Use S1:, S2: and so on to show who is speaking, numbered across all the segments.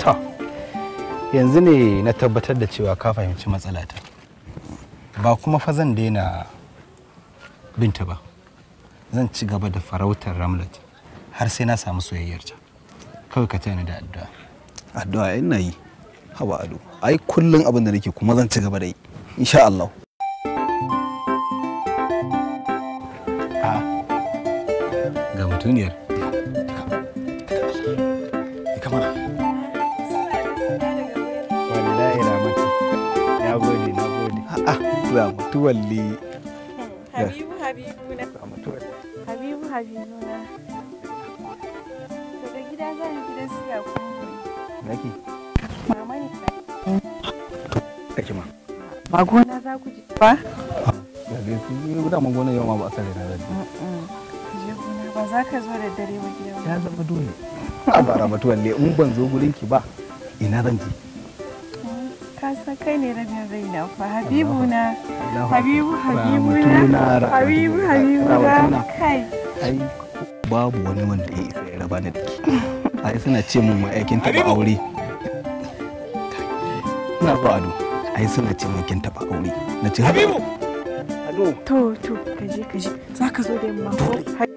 S1: To, yanzu ne na tabbatar da cewa ka fahimci matsalata. Ba kuma fa zan daina binta ba. Zan ci gaba da farautar Ramlat har sai na samu soyayyarta. Kawai ka tana da addu'a. Addu'a ina yi. Haba ado. Ai kullum abin da nake kuma zan ci gaba da yi. Insha Allah. Ga mutuniyar. za mu tuwalle habibu habibu na habibu habibu na daga gida za gida su ya kuma naki mama ne kake ma ba gona za ku ji ba ya ga su yi guda ma gona yau ma ba a sare na da je ba za ka zo da dare ba gidan ya zama dole a bara mutuwalle in ban zo gurin ki ba ina zan je ka san kai ne rabin raina fa habibu na habibu habibu na habibu habibu na kai ai babu wani wanda ya isa ya raba ni da ke ai suna ce mun ma aikin taba aure ina ba ado ai suna ce mun aikin taba aure na ce habibu ado to to kaje kaje zaka zo da yamma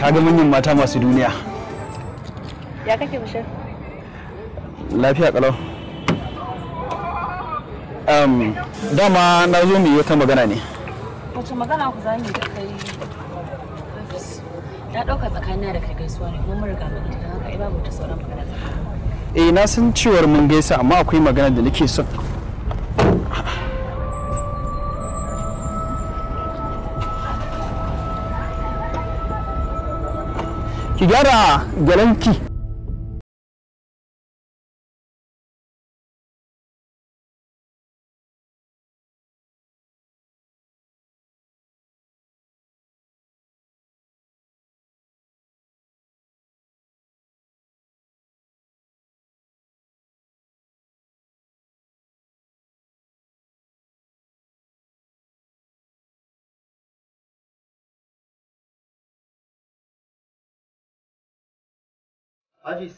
S1: kaga manyan mata masu duniya ya kake bashir lafiya kalau um, dama na zo mu yi wata magana ne wace magana ku za mu da kai na ɗauka tsakanin da kai gaisuwa ne kuma mun riga mun ita haka ai babu wata sauran magana tsakanin eh na san cewar mun gaisa amma akwai magana da nake so ki gyara ki. Hafiz,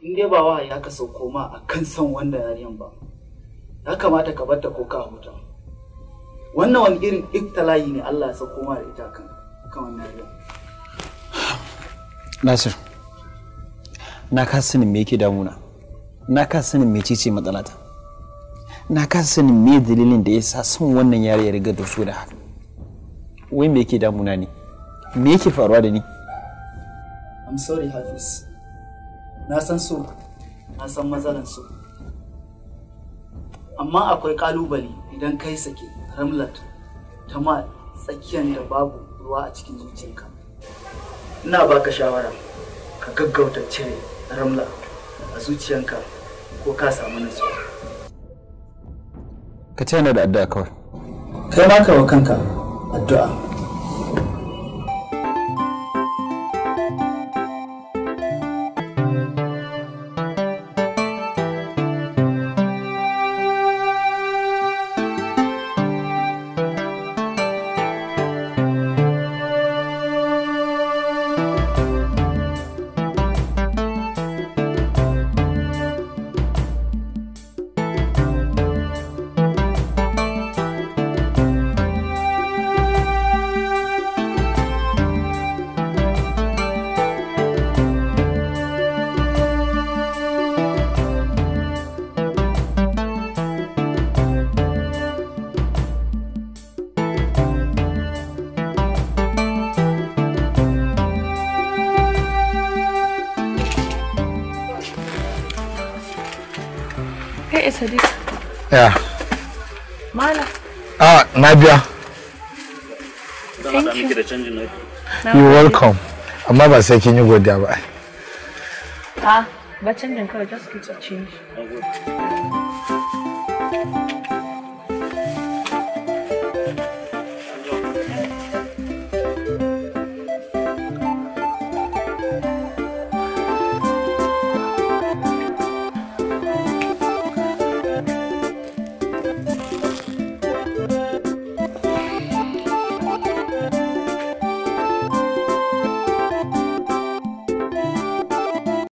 S1: in dai ba wahayi aka sauko ma a kan son wanda yariyan ba, ya kamata ka bar ta ko ka huta. Wannan wani irin iftalayi ne Allah ya sauko ma da ita kan wannan yariyan. Nasir, na ka sanin me yake damuna, na ka sanin me ce matsalata, na ka sanin me dalilin da ya sa son wannan yari ya riga da su da haka. Wai me yake damuna ne? Me yake faruwa da ni? I'm sorry Hafiz. Na san so, na san matsalan so. Amma akwai kalubale idan kai sake Ramlat ta ma tsakiyar da babu ruwa a cikin zuciyarka. Ina baka shawara ka gaggauta cire Ramla a zuciyarka ko ka samu nutsuwa. Ka ce da addu'a kawai. Kai ma ka wa kanka addu'a. sadiq ya mala ah na biya thank you you welcome amma ba sai kin yi godiya ba ah ba canjin kawai just get a change oh,